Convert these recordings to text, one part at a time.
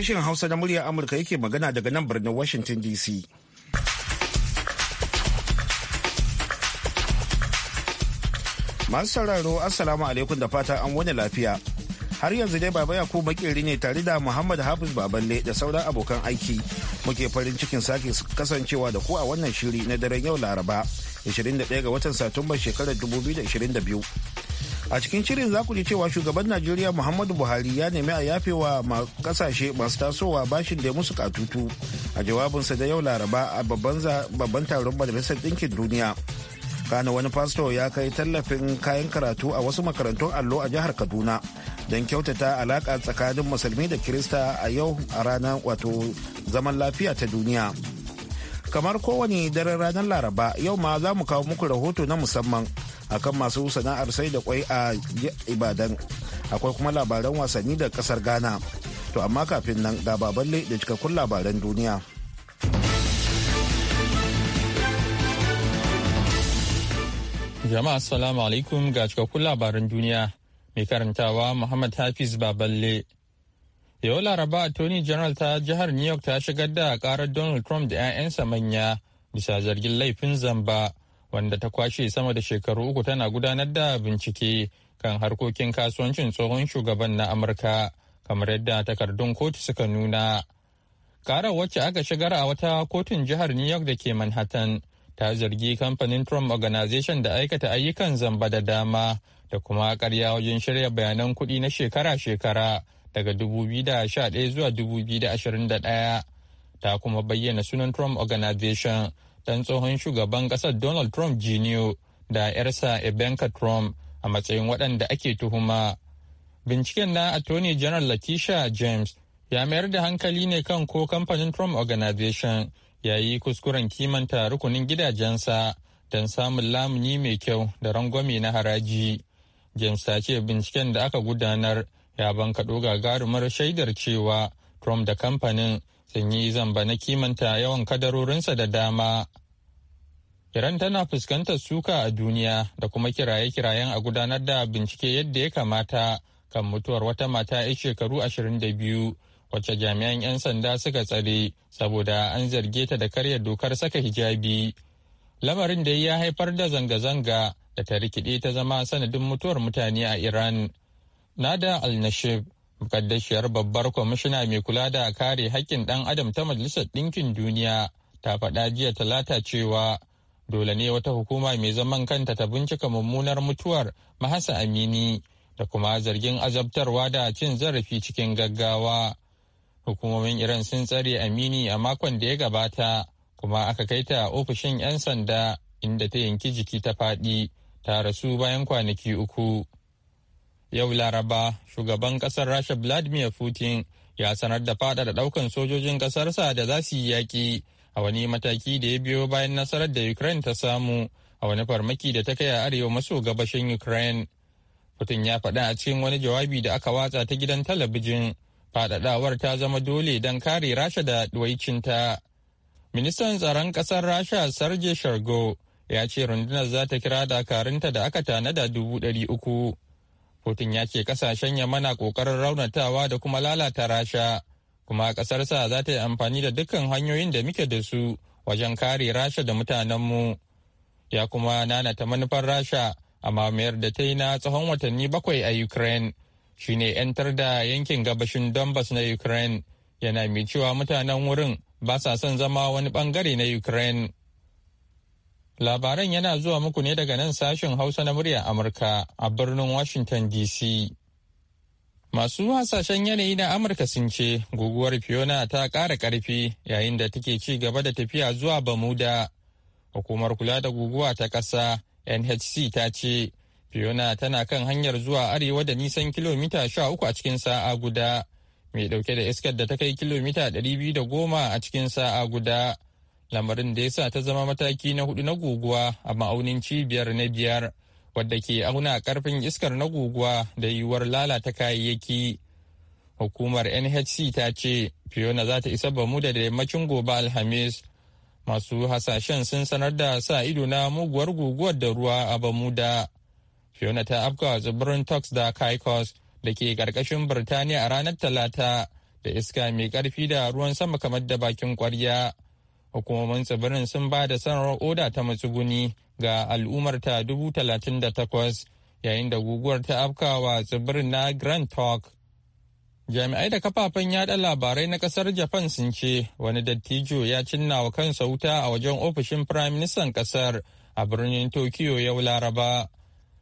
sashen Hausa na muryar Amurka yake magana daga nan birnin Washington DC. Masu sauraro Assalamu alaikum da fata an wani lafiya. Har yanzu dai Baba ku makeri ne tare da Muhammad Hafiz Baballe da sauran abokan aiki. Muke farin cikin sake kasancewa da ku a wannan shiri na daren yau Laraba 21 ga watan Satumba shekarar 2022. a cikin shirin za ku ji cewa shugaban najeriya muhammadu buhari ya nemi a yafe wa kasashe masu tasowa bashin da ya musu katutu a jawabinsa da yau laraba a babban taron majalisar ɗinkin duniya kana wani fasto ya kai tallafin kayan karatu a wasu makarantun allo a jihar kaduna don kyautata alaka tsakanin musulmi da kirista a yau a ranar wato zaman lafiya ta duniya kamar kowane daren ranar laraba yau ma za mu kawo muku rahoto na musamman akan masu sana'ar sai da kwai a ibadan akwai kuma labaran wasanni da kasar ghana to amma kafin nan ga baballe da cikakkun labaran duniya jama'a assalamu alaikum ga cikakkun labaran duniya mai karantawa muhammad hafiz baballe yau laraba tony general ta jihar new york ta shigar da karar donald trump da 'ya'yansa manya bisa zargin laifin zamba wanda ta kwashe sama da shekaru uku tana gudanar da bincike kan harkokin kasuwancin tsohon shugaban na amurka kamar yadda takardun kotu suka nuna karar wacce aka shigar a wata kotun jihar new york da ke manhattan ta zargi kamfanin trump organization da aikata ayyukan zamba da dama da kuma karya wajen shirya bayanan kuɗi na shekara-shekara daga 2011 zuwa 2021 ta kuma bayyana sunan trump organization dan tsohon shugaban ƙasar Donald Trump Jr. da 'yarsa Ivanka Trump a matsayin waɗanda ake tuhuma. Binciken na Attorney General Latisha James ya mayar da hankali ne kan ko kamfanin Trump Organization ya yi kuskuren kimanta rukunin gidajensa don samun lamuni mai kyau da rangwame na haraji. James ta ce binciken da aka gudanar ya bankaɗo gagarumar shaidar cewa Trump da kamfanin sun yi zamba na kimanta yawan kadarorinsa da dama. Iran tana fuskantar suka a duniya da kuma kiraye-kirayen a gudanar da bincike yadda ya kamata kan mutuwar wata mata 'yan shekaru 22 wacce jami'an 'yan sanda suka tsare saboda an zarge ta da karya dokar saka hijabi. Lamarin da ya haifar da zanga-zanga da ta rikide ta zama sanadin mutuwar mutane a Iran. Nada al-Nashib mukaddashiyar babbar kwamishina mai kula da kare haƙƙin ɗan adam ta majalisar ɗinkin duniya ta faɗa jiya talata cewa dole ne wata hukuma mai zaman kanta ta bincika mummunar mutuwar mahasa amini da kuma zargin azabtarwa da cin zarafi cikin gaggawa hukumomin iran sun tsare amini a makon da ya gabata kuma aka kai ta ofishin 'yan sanda inda ta yanki jiki ta faɗi ta rasu bayan kwanaki uku Yau Laraba, shugaban ƙasar Rasha Vladimir Putin ya sanar da faɗaɗa ɗaukan sojojin ƙasarsa da za su yi yaƙi a wani mataki da ya biyo bayan nasarar da Ukraine ta samu a wani farmaki da ta kai a arewa maso gabashin Ukraine. Putin ya faɗa a cikin wani jawabi da aka watsa ta gidan talabijin. Faɗaɗawar ta zama dole don kare Rasha da ɗuwaicinta. Ministan tsaron ƙasar Rasha Sergei Shargo ya ce rundunar za ta kira dakarunta da aka tanada dubu ɗari uku Kotun ya ce kasashen yamana ƙoƙarin raunatawa da kuma lalata rasha, kuma kasarsa za ta yi amfani da dukkan hanyoyin da muke da su wajen kare rasha da mutanenmu. Ya kuma nanata manufar rasha a mamayar da ta yi na tsawon watanni bakwai a Ukraine, shi ne 'yantar da yankin gabashin Donbass na Ukraine, yana mai cewa mutanen wurin ba sa son zama wani bangare na Ukraine. Labaran yana zuwa muku ne daga nan sashen Hausa na muryar Amurka a birnin Washington DC. Masu hasashen yanayi na Amurka sun ce guguwar Fiona ta ƙara ƙarfi yayin da take ci gaba da tafiya zuwa Bamuda. Hukumar kula da guguwa ta ƙasa NHC ta ce Fiona tana kan hanyar zuwa arewa da nisan kilomita sha uku a cikin sa'a guda, mai ɗauke da iskar da ta kai kilomita ɗari biyu da goma a cikin sa'a guda, lamarin da ya sa ta zama mataki na hudu na guguwa a ma'aunin cibiyar na biyar wadda ke auna karfin iskar na guguwa da yiwuwar lalata kayayyaki hukumar nhc ta ce fiona za ta isa bamuda da yammacin gobe alhamis masu hasashen sun sanar da sa ido na muguwar guguwar da ruwa a bamuda fiona ta afka tsibirin tox da caicos da ke karkashin birtaniya a ranar talata da iska mai karfi da ruwan sama kamar da bakin kwarya hukumomin tsibirin sun ba da sanarwar oda ta matsuguni ga al'ummar ta dubu talatin da takwas yayin da guguwar ta afkawa tsibirin na grand talk jami'ai da kafafen yada labarai na kasar japan sun ce wani dattijo ya cinna wa kansa wuta a wajen ofishin firaministan kasar a birnin tokyo yau laraba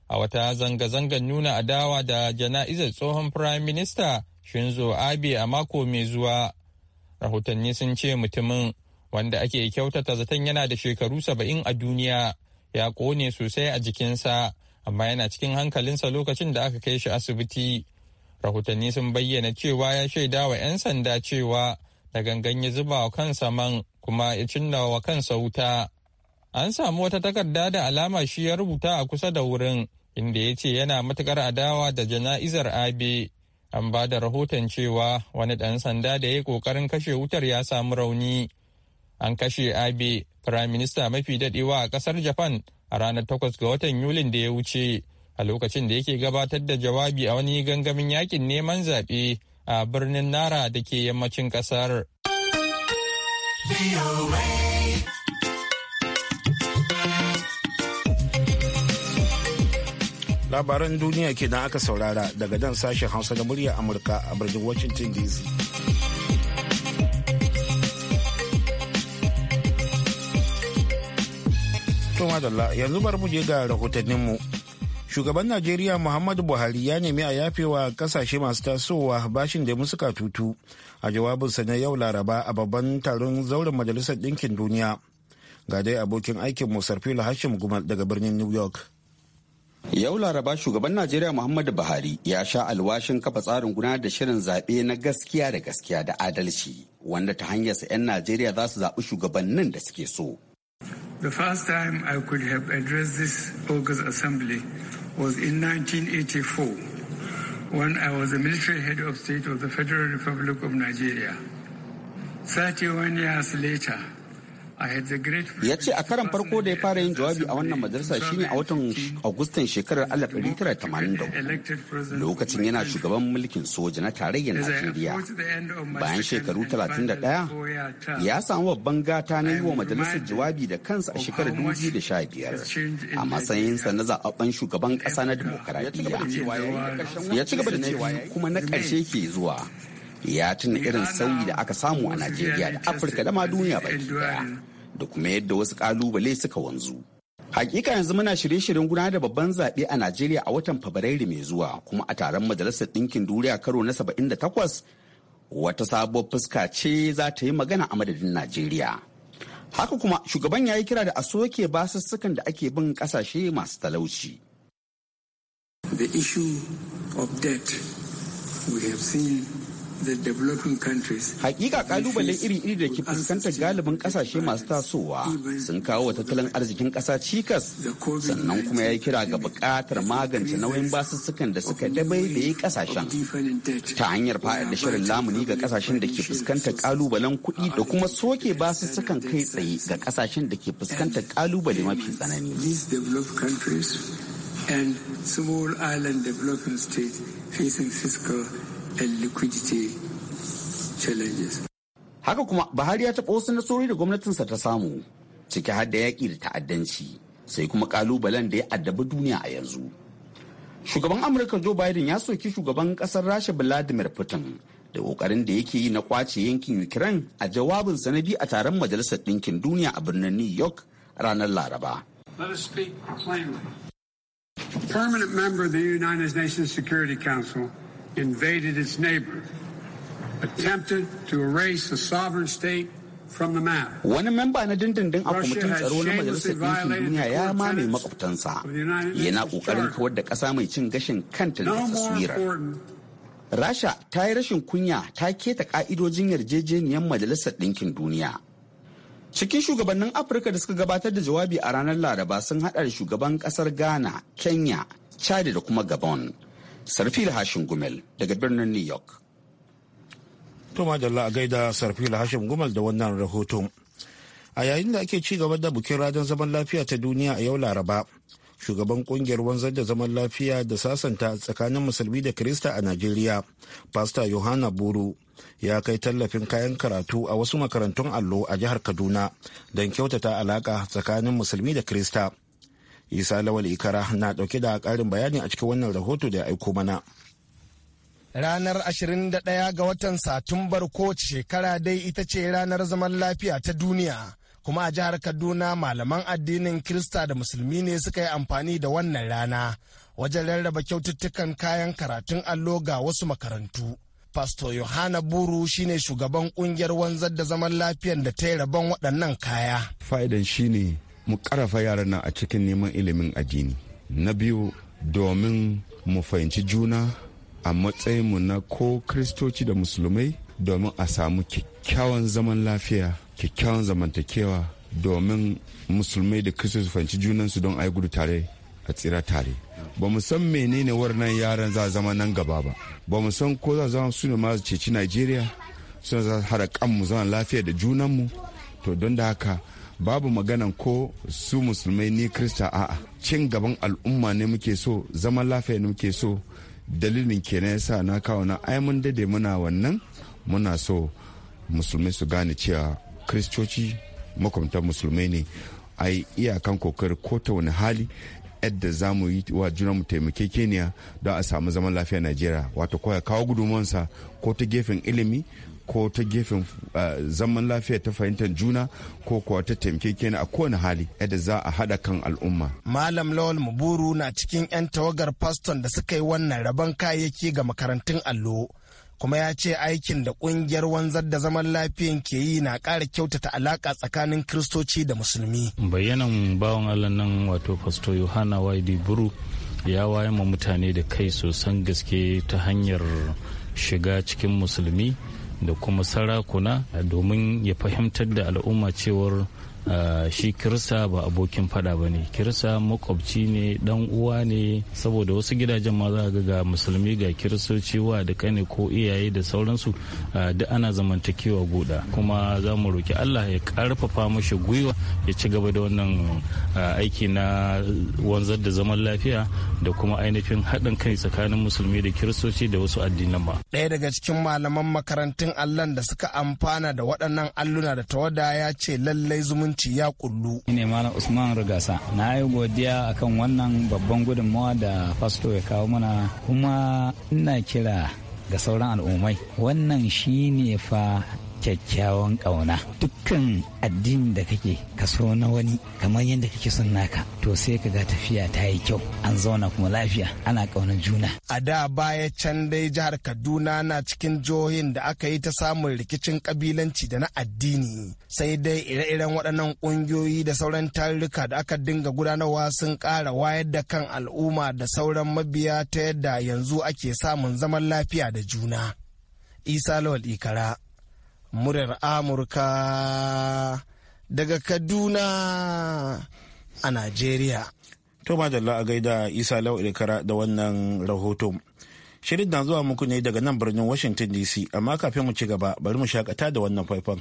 a wata zanga-zangar nuna adawa da jana'izar tsohon firaminista shinzo abe a mako mai zuwa rahotanni sun ce mutumin wanda ake kyautata zaton yana da shekaru saba'in a duniya ya kone sosai a jikinsa amma yana cikin hankalinsa lokacin da aka kai shi asibiti rahotanni sun bayyana cewa ya shaida wa 'yan sanda cewa da gangan ya zuba wa kansa man kuma ya cinna wa kansa wuta an samu wata takarda da alama shi ya rubuta a kusa da wurin inda ya ce yana matukar adawa da jana'izar abe an ba da rahoton cewa wani ɗan sanda da ya ƙoƙarin kashe wutar ya samu rauni an kashe abe prime minister mafi dadewa a kasar japan a ranar 8 ga watan yulin da ya wuce a lokacin da yake gabatar da jawabi a wani gangamin yakin neman zaɓe a birnin nara da ke yammacin kasar labaran duniya kenan aka saurara daga dan sashen hausa da murya amurka a birnin washington dc madalla yanzu bar mu je ga rahotanninmu. Shugaban Najeriya Muhammadu Buhari ya nemi a yafewa kasashe masu tasowa bashin da suka tutu a jawabinsa na yau Laraba a babban taron zauren Majalisar Ɗinkin Duniya. Ga dai abokin aikin Musarfila Hashim Gumal daga birnin New York. Yau Laraba shugaban Najeriya Muhammadu Buhari ya sha alwashin kafa tsarin gudanar da shirin zaɓe na gaskiya da gaskiya da adalci wanda ta hanyarsa 'yan Najeriya za su zaɓi shugabannin da suke so The first time I could have addressed this August Assembly was in 1984 when I was the military head of state of the Federal Republic of Nigeria. 31 years later, ya ce a karan farko da ya fara yin jawabi a wannan majalisa shine a watan agustan shekarar 1984 lokacin yana shugaban mulkin soja na tarayyar najeriya bayan shekaru 31 ya samu babban gata na yi wa majalisar jawabi da kansa a shekarar 2015 a matsayinsa na zaɓaɓɓen shugaban ƙasa na demokaradiyya ya ci gaba da cewa kuma na ƙarshe ke zuwa ya tuna irin sauyi da aka samu a najeriya da afirka da ma duniya baki daya da kuma yadda wasu kalubale suka wanzu hakika yanzu muna shirye-shiryen gudanar da babban zaɓe a najeriya a watan fabrairu mai zuwa kuma a taron majalisar ɗinkin duniya karo na 78 wata sabuwar fuska ce za ta yi magana a madadin najeriya haka kuma shugaban ya yi kira da a soke basussukan da ake bin ƙasashe masu talauci the issue of debt we have seen Hakika kalubale iri-iri da ke fuskantar galibin kasashe masu tasowa sun kawo wa tattalin arzikin ƙasa cikas sannan kuma ya yi kira ga bukatar magance nauyin basussukan da suka dabaibaye kasashen ta hanyar da shirin lamuni ga kasashen da ke fuskantar kalubalen kuɗi da kuma soke basussukan kai tsaye ga kasashen da ke fuskantar kalubale mafi tsanani. and small island developing states facing fiscal and liquidity challenges. Haka kuma Buhari ya taɓa wasu nasarori da gwamnatinsa ta samu ciki har da yaƙi da ta'addanci sai kuma ƙalubalen da ya addabi duniya a yanzu. Shugaban Amurka Joe Biden ya soki shugaban ƙasar Rasha Vladimir Putin da ƙoƙarin da yake yi na ƙwace yankin Ukraine a jawabin sanadi a taron Majalisar Ɗinkin Duniya a birnin New York ranar Laraba. Permanent member of the United Nations Security Council invaded its neighbor, attempted to erase a sovereign state Wani memba na dindindin a kwamitin tsaro na Majalisar Ɗinkin Duniya ya mame makwabtansa yana ƙoƙarin kawar da ƙasa mai cin gashin kanta da taswira. Rasha ta yi rashin kunya ta keta ƙa'idojin yarjejeniyar Majalisar Ɗinkin Duniya. Cikin shugabannin Afirka da suka gabatar da jawabi a ranar Laraba sun haɗa da shugaban ƙasar Ghana, Kenya, Chad da kuma Gabon. sarfila Hashim gumel daga birnin new york Toma Jalla a gaida sarfila Hashim gumel da wannan rahoton a yayin da ake ci gaba da bukin radon zaman lafiya ta duniya a yau laraba shugaban kungiyar wanzar da zaman lafiya da sasanta tsakanin musulmi da kirista a najeriya pastor yohana buru ya kai tallafin kayan karatu a wasu makarantun allo a jihar kaduna don kyautata alaka tsakanin musulmi da kirista isa lawal ikara na dauke da karin bayani a cikin wannan rahoto da ya aiko mana ranar 21 ga watan satumbar kowace shekara dai ita ce ranar zaman lafiya ta duniya kuma a jihar kaduna malaman addinin kirista da musulmi ne suka yi amfani da wannan rana wajen rarraba kyaututtukan kayan karatun allo ga wasu makarantu Pastor Yohana Buru shine shugaban kungiyar wanzar da zaman lafiyar da ta yi rabon waɗannan kaya. Fa'idan shine mu karafa yaran nan a cikin neman ilimin addini na biyu domin mu fahimci juna a matsayin mu na ko kristoci da musulmai domin a samu kyakkyawan zaman lafiya kyakkyawan zamantakewa domin musulmai da kristoci fahimci junansu don ai gudu tare a tsira tare ba mu san menene wannan yaran za zama nan gaba ba ba mu san ko za zama su ne ma ceci najeriya suna za hada kanmu zaman lafiya da junanmu to don da haka babu maganan ko su musulmai ni krista a'a cin gaban al'umma ne muke so zaman lafiya ne muke so dalilin kenan yasa na kawo na ai mun dade muna wannan muna so musulmai su gane cewa kristoci makwamtan musulmai ne ai iyakan kokari ko ta wani hali yadda za mu yi wa juna mu taimake keniya don a samu zaman lafiya najeriya wato kawai kawo gudunmuwansa ko ta gefen ilimi ko ta gefen eh, zaman lafiya ta fahimtar juna ko kuwa ta taimakekeni a kowane hali yadda za a haɗa kan al'umma. Malam Lawal Muburu na cikin 'yan tawagar faston da suka yi wannan rabon kayayyaki ga makarantun allo. kuma ya ce aikin da kungiyar wanzar da zaman lafiyan ke yi na ƙara kyautata alaƙa tsakanin kristoci da musulmi. bayyanan bawan allah nan wato pastor yohana waidi buru ya waye ma mutane da kai sosan gaske ta hanyar shiga cikin musulmi da kuma sarakuna eh, domin ya fahimtar da al'umma cewar Uh, shi kirsa ba abokin fada ba ne kirsa makwabci ne dan uwa ne saboda wasu gidajen ma za ga musulmi ga kiristoci wa da kane ko iyaye da sauransu uh, duk ana zamantakewa guda kuma za mu roki allah ya karfafa mashi gwiwa ya ci gaba da wannan aiki na wanzar da zaman lafiya da kuma ainihin haɗin kai tsakanin musulmi da kiristoci da wasu addinan ba. Ɗaya daga cikin malaman makarantun allon da suka amfana da waɗannan alluna da tawada ya ce lallai zumunci ya kullu. ne Malam Usman Rugasa. Na yi godiya akan wannan babban gudunmawa da fasto ya kawo mana kuma ina kira ga sauran al'ummai wannan shine fa kyakkyawan ƙauna dukkan addinin da kake ka na wani kamar yadda kake son naka to sai ka ga tafiya ta yi kyau an zauna kuma lafiya ana ƙaunar juna a da baya can dai jihar kaduna na cikin jihohin da aka yi ta samun rikicin kabilanci da na addini sai dai ire-iren waɗannan ƙungiyoyi da sauran tarurruka da aka dinga gudanarwa sun ƙara wayar da kan al'umma da sauran mabiya ta yadda yanzu ake samun zaman lafiya da juna isa lawal ikara muryar Amurka daga Kaduna a Najeriya. To Madalla a gaida Isa Lau Ilkara da wannan rahoton, Shirin na zuwa muku ne daga nan birnin Washington DC, amma kafin mu ci gaba bari mu shakata da wannan faifan.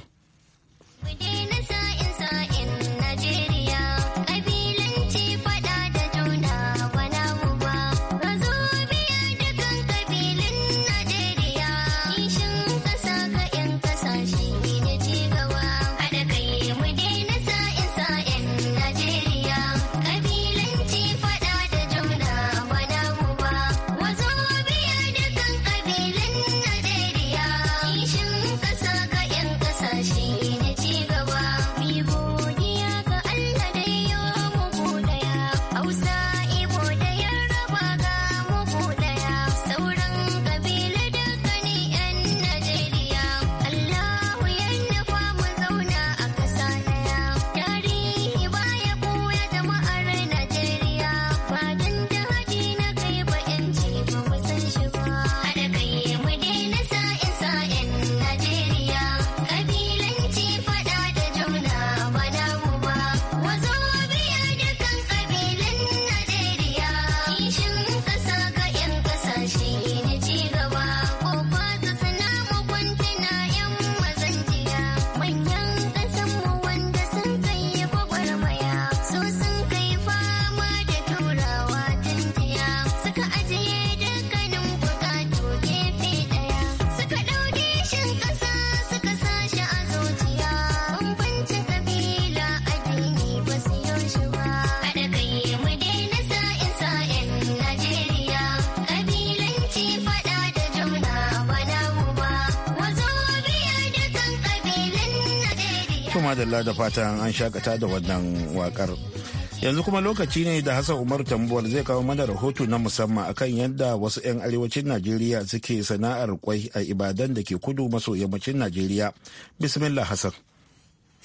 madalla da fatan an shakata da wannan wakar. Yanzu kuma lokaci ne da Hassan Umar Tambuwar zai kawo mana rahoto na musamman akan yadda wasu 'yan arewacin Najeriya suke sana'ar kwai a Ibadan da ke kudu maso yammacin Najeriya. Bismillah Hassan.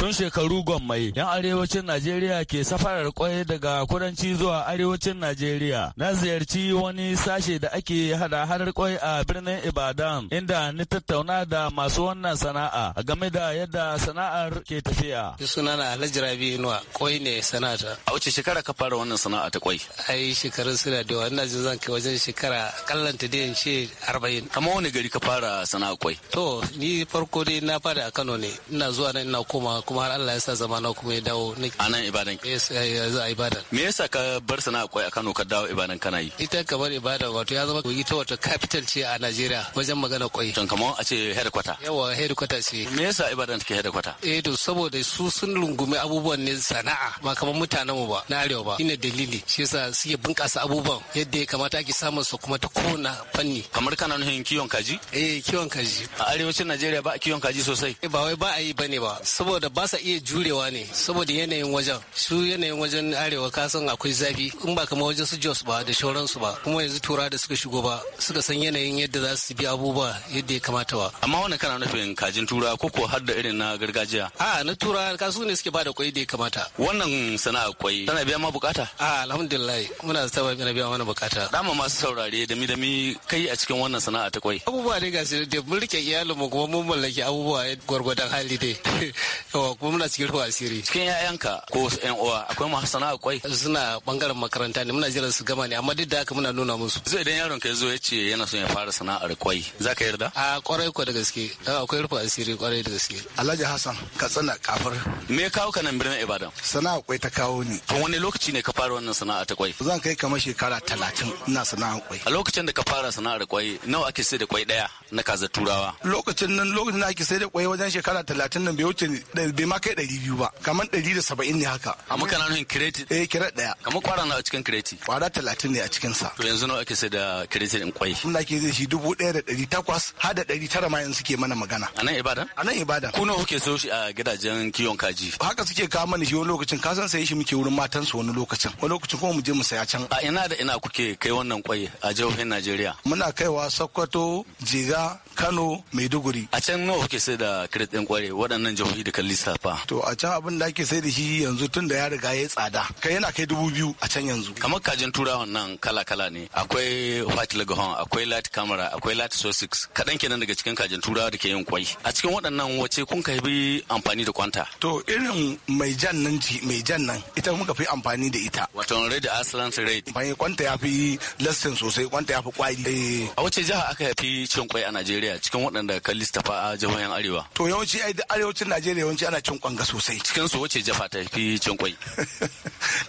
tun shekaru gwammai yan arewacin Najeriya ke safarar kwai daga kudanci zuwa arewacin Najeriya. Na ziyarci wani sashe da ake hada hadar kwai a birnin Ibadan inda ni tattauna da masu wannan sana'a a game da yadda sana'ar ke tafiya. Sunana Alhaji Rabi Inuwa kwai ne sana'ata. A wace shekara ka fara wannan sana'a ta kwai? Ai shekarun suna da yawa ina jin zan kai wajen shekara kallanta da yanci arba'in. Kama wani gari ka fara sana'a kwai? To ni farko dai na fada a Kano ne ina zuwa nan ina koma. kuma har Allah ya sa zama na kuma ya dawo a nan ibadan eh, yanzu a ibadan me yasa ka bar a kwai a Kano ka dawo ibadan kana yi ita kamar ibadan wato ya zama ita wato capital ce a Najeriya wajen magana kwai don kamar a ce headquarter yawa headquarter ce me yasa ibadan take headquarter eh to saboda su sun rungumi abubuwan ne sana'a ba kamar mutanen mu ba na arewa ba shine dalili shi yasa suke bunkasa abubuwan yadda ya kamata ake samun su kuma ta kona fanni kamar kana nuhin kiwon kaji eh kiwon kaji a arewacin Najeriya ba kiwon kaji sosai eh, ba wai ba a yi bane ba saboda ba ba sa iya jurewa ne saboda yanayin wajen su yanayin wajen arewa kasan akwai zafi in ba kamar wajen su jos ba da shauransu ba kuma yanzu tura da suka shigo ba suka san yanayin yadda za su bi abubuwa yadda ya kamata ba amma wannan kana nufin kajin tura ko ko har da irin na gargajiya a na tura kasu ne suke ba da kwai da ya kamata wannan sana'a kwai tana biya ma bukata a alhamdulillah muna saba na biya mana bukata dama masu saurare da mi da mi kai a cikin wannan sana'a ta kwai abubuwa ne ga su da mun rike iyalin mu kuma mun mallaki abubuwa gwargwadon hali dai yawa kuma muna cikin ruwa asiri cikin ƴaƴanka ko ƴan uwa akwai masu sana'a kwai suna bangaren makaranta ne muna jiran su gama ne amma duk da haka muna nuna musu zai idan yaron ka zo ya ce yana son ya fara sana'ar kwai za ka yarda a kwarai kwa da gaske akwai rufe asiri kwarai da gaske alhaji hassan ka tsana kafar me kawo ka nan birnin ibadan sana'a kwai ta kawo ni a wani lokaci ne ka fara wannan sana'a ta kwai zan kai kamar shekara talatin ina sana'a kwai a lokacin da ka fara sana'ar kwai nawa ake sai da kwai daya na kaza turawa lokacin nan lokacin da ake sai da kwaye wajen shekara talatin nan bai wuce bai ma kai ɗari biyu ba kamar ɗari da saba'in ne haka A kana nufin kireti eh kiret ɗaya kamar kwara na a cikin kireti kwara talatin ne a cikin sa to yanzu nawa ake sai da kireti ɗin kwai mun ake zai shi dubu ɗaya da ɗari takwas har da ɗari tara ma yanzu suke mana magana a nan ibadan a nan ibadan ku nawa kuke so shi a gidajen kiwon kaji haka suke kawo mana shi wani lokacin ka san sai shi muke wurin matan su wani lokacin wani lokacin kuma mu je mu saya can a ina da ina kuke kai wannan kwai a jihohin Najeriya muna kaiwa Sokoto Jiga Kano, Maiduguri. A can nawa kuke sai da kiret ɗin kware waɗannan jihohi da kan lissafa? To a can abin da ake sai da shi yanzu tun da ya riga ya tsada. Kai yana kai dubu biyu a can yanzu. Kamar kajin turawan nan kala-kala ne. Akwai white leghorn, akwai light camera, akwai light sussex. Kaɗan kenan daga cikin kajin turawa da ke yin kwai. A cikin waɗannan wace kun kai bi amfani da kwanta? To irin mai jan nan ji mai jan nan ita muka fi amfani da ita. Wato red aslant red. Mai kwanta ya fi lastin sosai kwanta ya fi kwari. Eh. A wace jiha aka fi cin kwai Najeriya cikin waɗanda ka listafa a jihohin Arewa? To yawanci ai da arewacin Najeriya yawanci ana cin kwanga sosai. Cikin su wace jafa ta fi cin kwai?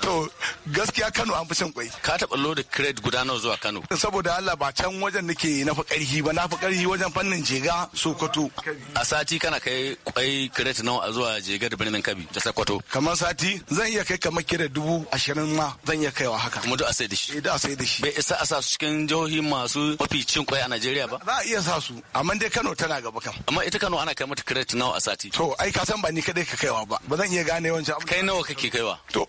To gaskiya Kano an fi cin kwai. Ka taɓa loda kiret guda nawa zuwa Kano? Saboda Allah ba can wajen nake na fi ƙarfi ba na fi ƙarfi wajen fannin jega Sokoto. A sati kana kai kwai kiret nawa zuwa jega da birnin Kabi da Sokoto? Kamar sati zan iya kai kamar kira dubu ashirin ma zan iya kaiwa haka. Kuma duk a sai da shi. Eh a sai da shi. Bai isa a sa su cikin jihohi masu mafi cin kwai a Najeriya ba? Za a iya sa sa su amma dai Kano tana gaba kan amma ita Kano ana kai mata credit nawa a sati to ai ka san ba ni kadai ka kaiwa ba ba zan iya gane wancan kai nawa kake kaiwa to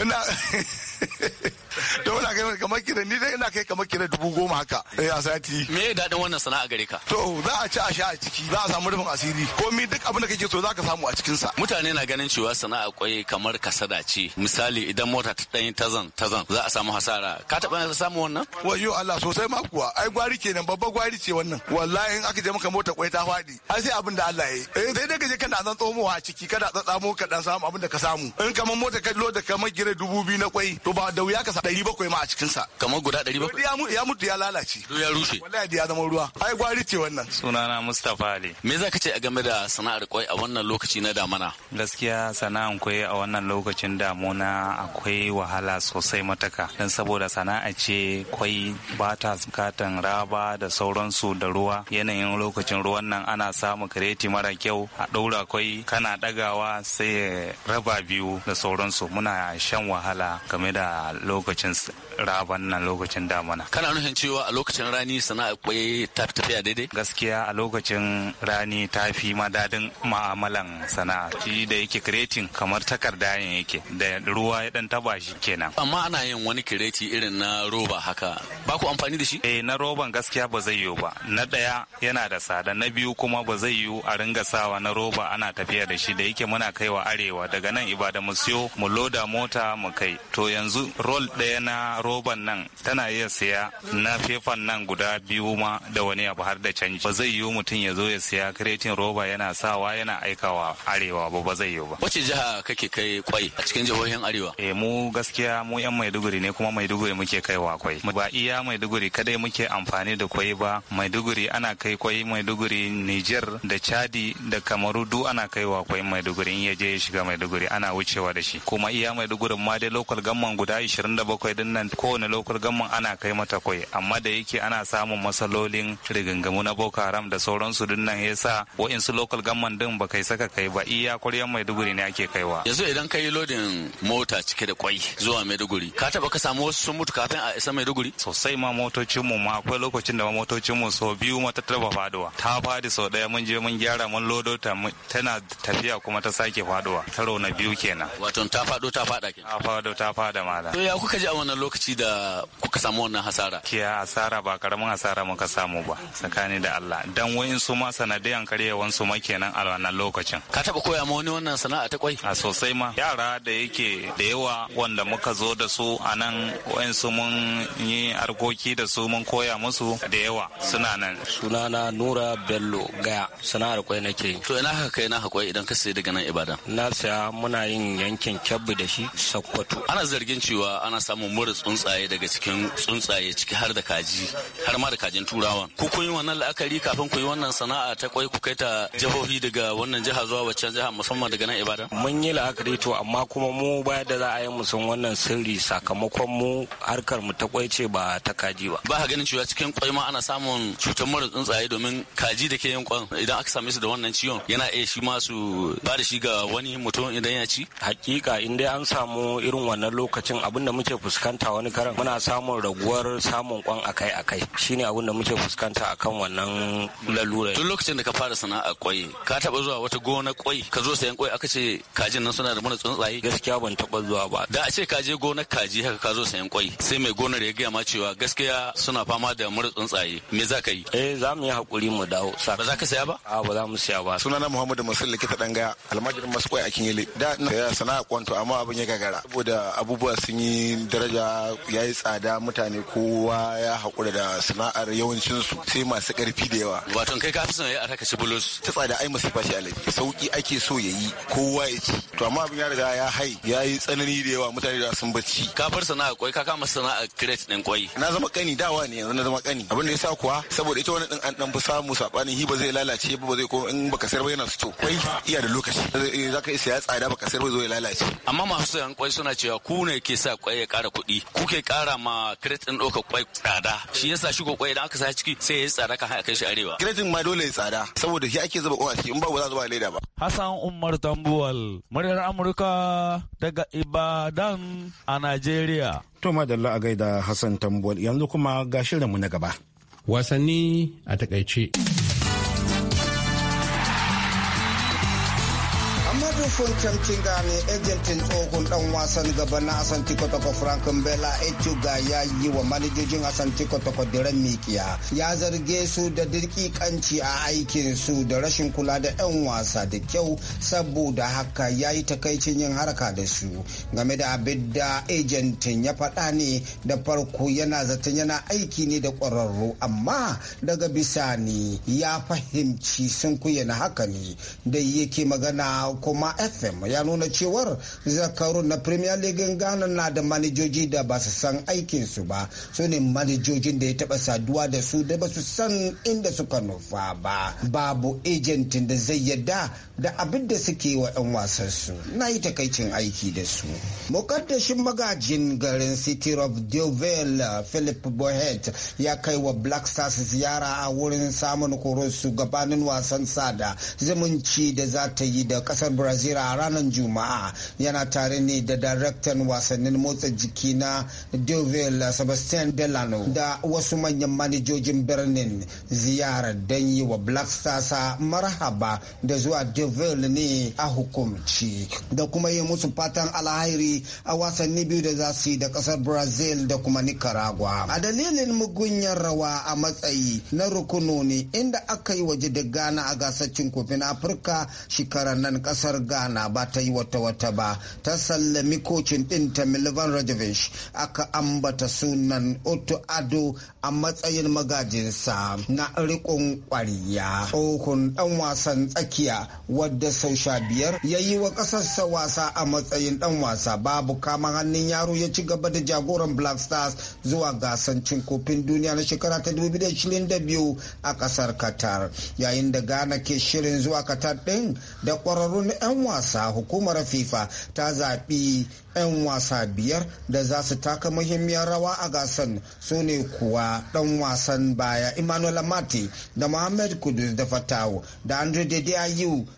ina to wani kai kamar kira ni dai ina kai kamar kira dubu goma haka eh a sati me ya dadin wannan sana'a gare ka to za a ci a sha a ciki za a samu rufin asiri min duk abin da kake so za ka samu a cikin sa mutane na ganin cewa sana'a kwai kamar kasada ce misali idan mota ta zan tazan tazan za a samu hasara ka taba samu wannan wayo Allah sosai ma kuwa ai gwari kenan babba gwari ce wannan wallahi in aka je maka mota kwai ta fadi ai sai abin da Allah ya yi eh, sai dai ka je kana zan tsomo a ciki kada tsatsamo ka dan samu abin da ka samu in kamar mota ka da kamar gire dubu biyu na kwai to ba da wuya ka ɗari bakwai ma a cikinsa. Kamar guda ɗari bakwai. Ya mutu ya lalace. Ya rushe. Wallahi ya zama ruwa. Ai gwari ce wannan. Sunana Mustapha Ali. Me za ka ce a game da sana'ar kwai a wannan lokaci na damana? Gaskiya sana'ar kwai a wannan lokacin damuna akwai wahala sosai mataka. Don saboda sana'a ce kwai ba ta bukatan raba da sauransu da ruwa. Yanayin lokacin ruwan nan ana samu kareti mara kyau a ɗaura kwai kana ɗagawa sai raba biyu da sauransu muna shan wahala game da lokacin lokacin raban nan lokacin damana. Kana nufin cewa a lokacin rani sana'a kwaye ta tafiya daidai? Gaskiya a lokacin rani ta fi madadin ma'amalan sana'a. Shi da yake kiretin kamar takarda yake da ruwa ya dan taba shi kenan. Amma ana yin wani kireti irin na roba haka. Ba ku amfani da shi? Eh na roban gaskiya ba zai yiwu ba. Na ɗaya yana da tsada, na biyu kuma ba zai yiwu a ringa sawa na roba ana tafiya da shi da yake muna kaiwa arewa daga nan ibada mu siyo mu loda mota mu kai. To yanzu roll ɗaya na roban nan tana iya siya na fefan nan guda biyu ma da wani abu har da canji ba zai yiwu mutum ya zo ya siya kiretin roba yana sawa yana aikawa arewa ba ba zai yiwu ba wace jiha kake kai kwai a cikin jihohin arewa eh mu gaskiya mu yan maiduguri ne kuma maiduguri muke kaiwa kwai ba iya maiduguri kadai muke amfani da kwai ba maiduguri ana kai kwai maiduguri niger da chadi da kamaru du ana kaiwa kwai maiduguri in ya je ya shiga maiduguri ana wucewa da shi kuma iya maiduguri ma dai lokal gamman guda 27 bakwai din nan kowane lokar gamman ana kai mata kwai amma da yake ana samun matsalolin rigingamu na boko haram da sauransu din nan yasa wa'insu lokal gamman din ba kai saka kai ba iya kwaryan maiduguri ne ake kaiwa yanzu idan kai lodin mota cike da kwai zuwa maiduguri ka taba ka samu wasu sun mutu kafin a isa maiduguri sosai ma motocin mu ma akwai lokacin da motocin mu so biyu mata taba faduwa ta fadi sau daya mun je mun gyara mun lodo ta tana tafiya kuma ta sake faduwa taro na biyu kenan wato ta fado ta fada kenan ta fado ta fada da. to ya kuka ji a wannan lokaci da kuka samu wannan hasara kiya hasara ba karamin hasara muka samu ba tsakani da Allah dan wayin su ma sanadiyan karyewan su ma kenan a wannan lokacin ka taba koya ma wani wannan sana'a ta kwai a sosai ma yara da yake da yawa wanda muka zo da su a nan wayin su mun yi harkoki da su mun koya musu da yawa suna nan sunana Nura Bello Gaya sana'ar kwai nake to ina haka kai na hakwai idan ka sai daga nan Ibadan na saya muna yin yankin kyabbi da shi Sokoto ana zargin cewa ana samun mura tsuntsaye daga cikin tsuntsaye ciki har da kaji har ma da kajin turawan ku kun yi wannan la'akari kafin ku yi wannan sana'a ta kwai ku kai ta jihohi daga wannan jiha zuwa waccan jiha musamman daga nan ibada mun yi la'akari to amma kuma mu baya da za a yi musun wannan sirri sakamakon mu harkar mu ta kwai ce ba ta kaji ba ba ganin cewa cikin kwai ma ana samun cutar mura tsuntsaye domin kaji da ke yin kwan idan aka same su da wannan ciwon yana iya shi ma su ba da shi ga wani mutum idan ya ci hakika in dai an samu irin wannan lokacin da muke muke fuskanta wani karan muna samun raguwar samun kwan akai akai shine abin da muke fuskanta akan wannan lalura tun lokacin da ka fara sana'a kwai ka taba zuwa wata gona kwai ka zo sayan kwai aka ce kajin nan suna da mana tsuntsaye gaskiya ban taba zuwa ba da a ce ka je gonar kaji haka ka zo sayan kwai sai mai gonar ya gaya ma cewa gaskiya suna fama da mura tsuntsaye me za ka yi eh za mu yi hakuri mu dawo ba za ka saya ba a ba za mu saya ba sunana muhammadu masul likita dan gaya almajirin masu kwai a kinyele da sana'a kwanto amma abin ya gagara saboda abubuwa sun yi daraja ya yi tsada mutane kowa ya haƙura da sana'ar yawancinsu sai masu ƙarfi da yawa. Wato kai ka fi son ya a taka bulus. Ta tsada ai masifa shi alaji sauki ake so ya yi kowa ya ci. To amma abin ya riga ya hai ya yi tsanani da yawa mutane da sun bacci. Ka bar sana'a kwai ka kama sana'a kiret ɗin kwai. Na zama kani dawa ne yanzu na zama kani. Abin da ya sa kuwa saboda ita wani ɗin an ɗan fi samu saɓanin hi ba zai lalace ba ba zai ko in baka sayar ba yana su to kwai iya da lokaci. Eh, za ka iya tsada baka sayar ba zai lalace. Amma masu sayan kwai suna cewa ku ne ke sa kwai ya kara kuɗi kuke kara ma crate ɗin ɗaukar kwai tsada shi yasa shigo kwai idan aka sa ciki sai ya tsada ka kai shi arewa crate ma dole ya tsada saboda shi ake zuba kwai in ba ba za zuba leda ba Hassan Umar Tambuwal muryar Amurka daga Ibadan a Najeriya to madalla a gaida Hassan Tambuwal yanzu kuma ga shirinmu na gaba wasanni a takaice Funcham Cinga ne ejentin tsohon dan wasan gaba na Asanti Kotoko Frank Mbela Etuga ya yi wa manajojin Asanti Kotoko diren mikiya. Ya zarge su da dirkikanci a aikin su da rashin kula da 'yan wasa da kyau saboda haka ya yi takaicin yin harka da su. Game da abin da ejentin ya faɗa ne da farko yana zaton yana aiki ne da ƙwararru amma daga bisani ya fahimci sun kuyana haka ne da yake magana kuma fm ya nuna cewar zakaru na premier league ghana na da manijoji da ba su san aikinsu ba su ne manijojin da ya taba saduwa da su da ba su san inda suka nufa ba babu ejentin da zai yadda da abin da suke wa 'yan wasansu na yi takaicin aiki da su mukaddashin magajin garin city of deauville philip bohet ya kai wa black stars ziyara a wurin samun horon su gabanin wasan sada zumunci da za ta yi da kasar brazil Alkahira a ranar Juma'a yana tare ne da daraktan wasannin motsa jiki na Deauville Sebastian Delano da wasu manyan manajojin birnin ziyarar don yi wa Black Stars marhaba da zuwa Deauville ne a hukumci da kuma yi musu fatan alhairi a wasanni biyu da za su yi da kasar Brazil da kuma Nicaragua. A dalilin mugunyar rawa a matsayi na rukunoni inda aka yi waje da Ghana a gasar cin kofin Afirka shekarar nan kasar ga. kana ba ta yi wata wata ba ta sallami kocin din ta Milivan Rajovic aka ambata sunan Otto Ado a matsayin magajinsa na rikon kwariya. Tsohon ɗan wasan tsakiya wadda sau sha biyar ya yi wa ƙasarsa wasa a matsayin ɗan wasa babu kama hannun yaro ya ci gaba da jagoran Black Stars zuwa gasan cin kofin duniya na shekara ta 2022 a ƙasar Qatar yayin da Ghana ke shirin zuwa Qatar ɗin da ƙwararrun 'yan wasa hukumar FIFA ta zaɓi 'yan wasa biyar da za su taka muhimmiyar rawa a gasan su ne kuwa dan wasan baya emmanuel amati da mohamed kudus da fatawu da andrew de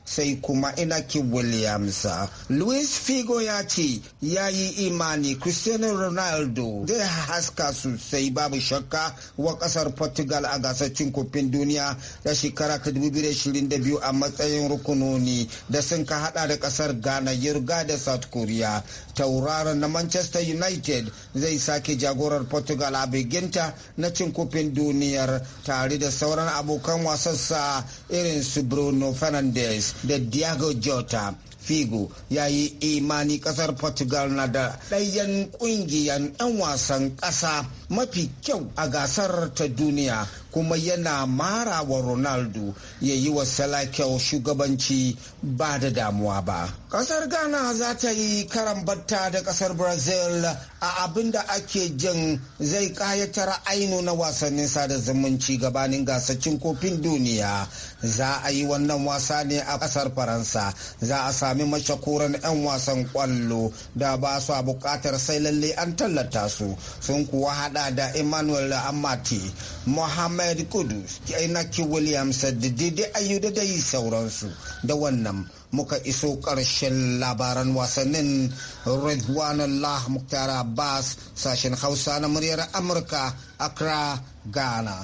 sai kuma inaki williams luis figo ya ce ya yi imani cristiano ronaldo zai haska sosai babu shakka wa kasar portugal a gasar cin kofin duniya da shekara da 2022 a matsayin rukunoni da sun ka hada da kasar ghana yurga da south korea tauraron na manchester united zai sake jagorar portugal a beginta na cin kofin duniyar tare da sauran abokan wasansa irin su bruno fernandes da diego jota figo ya yi imani kasar portugal na da ɗayan ƙungiyar 'yan wasan ƙasa mafi kyau a gasar ta duniya kuma yana mara wa ronaldo ya yi wa salakyau shugabanci ba da damuwa ba kasar ghana za ta yi karambatta da kasar brazil a abin da ake jin zai kayatar aino na wasannin sada zumunci gabanin gasar kofin duniya za a yi wannan wasa ne a kasar faransa za a sami mashakuran 'yan wasan kwallo da ba su a bukatar sai lalle an tallata su sun kuwa hada da emmanuel amati mohamed kudus inaki williams da didi ayyuda da yi sauransu da wannan muka iso ƙarshen labaran wasannin Allah Muktar Abbas sashen Hausa na muryar Amurka Accra, Ghana.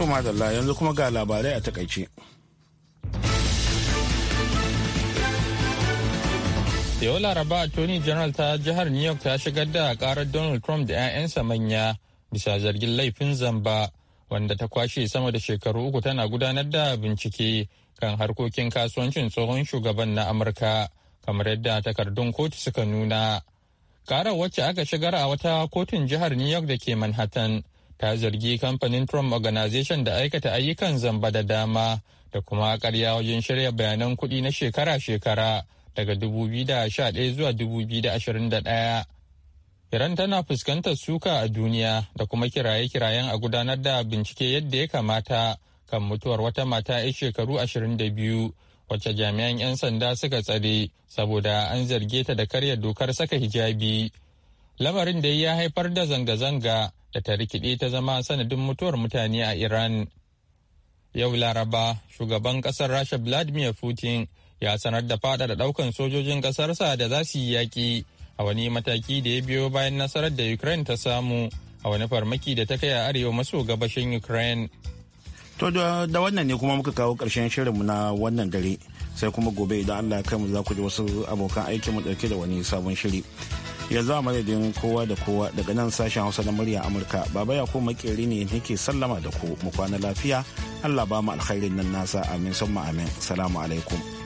da madalla yanzu kuma ga labarai a takaice. yau laraba attorney general ta jihar new york ta shigar da karar donald trump da 'ya'yansa manya bisa zargin laifin zamba wanda ta kwashe sama da shekaru uku tana gudanar da bincike kan harkokin kasuwancin tsohon shugaban na amurka kamar yadda takardun kotu suka nuna karar wacce aka shigar a wata kotun jihar new york da ke manhattan ta zargi kamfanin trump organization da aikata ayyukan zamba da dama da kuma karya wajen shirya bayanan kuɗi na shekara-shekara daga 2011 zuwa 2021 Iran tana fuskantar suka a duniya da kuma kiraye-kirayen a gudanar da bincike yadda ya kamata kan mutuwar wata mata ya shekaru 22 wacce jami'an 'yan sanda suka tsare saboda an zarge ta da karya dokar saka hijabi. Lamarin da ya haifar da zanga-zanga da ta rikide ta zama sanadin mutuwar mutane a Iran. Yau Laraba, shugaban kasar Rasha Vladimir Putin ya sanar da da daukan sojojin kasarsa da za su yi yaƙi a wani mataki da ya biyo bayan nasarar da Ukraine ta samu a wani farmaki da ta kai a arewa maso gabashin Ukraine. To da wannan ne kuma muka kawo shirin shirinmu na wannan dare sai kuma gobe idan Allah ya kai mu za ku ji wasu abokan aikin mu ɗauke da wani sabon shiri. Yanzu a madadin kowa da kowa daga nan sashen Hausa na murya Amurka baba ya ko makeri ne nake sallama da ku mu kwana lafiya Allah ba mu alkhairin nan nasa amin sun amin salamu alaikum.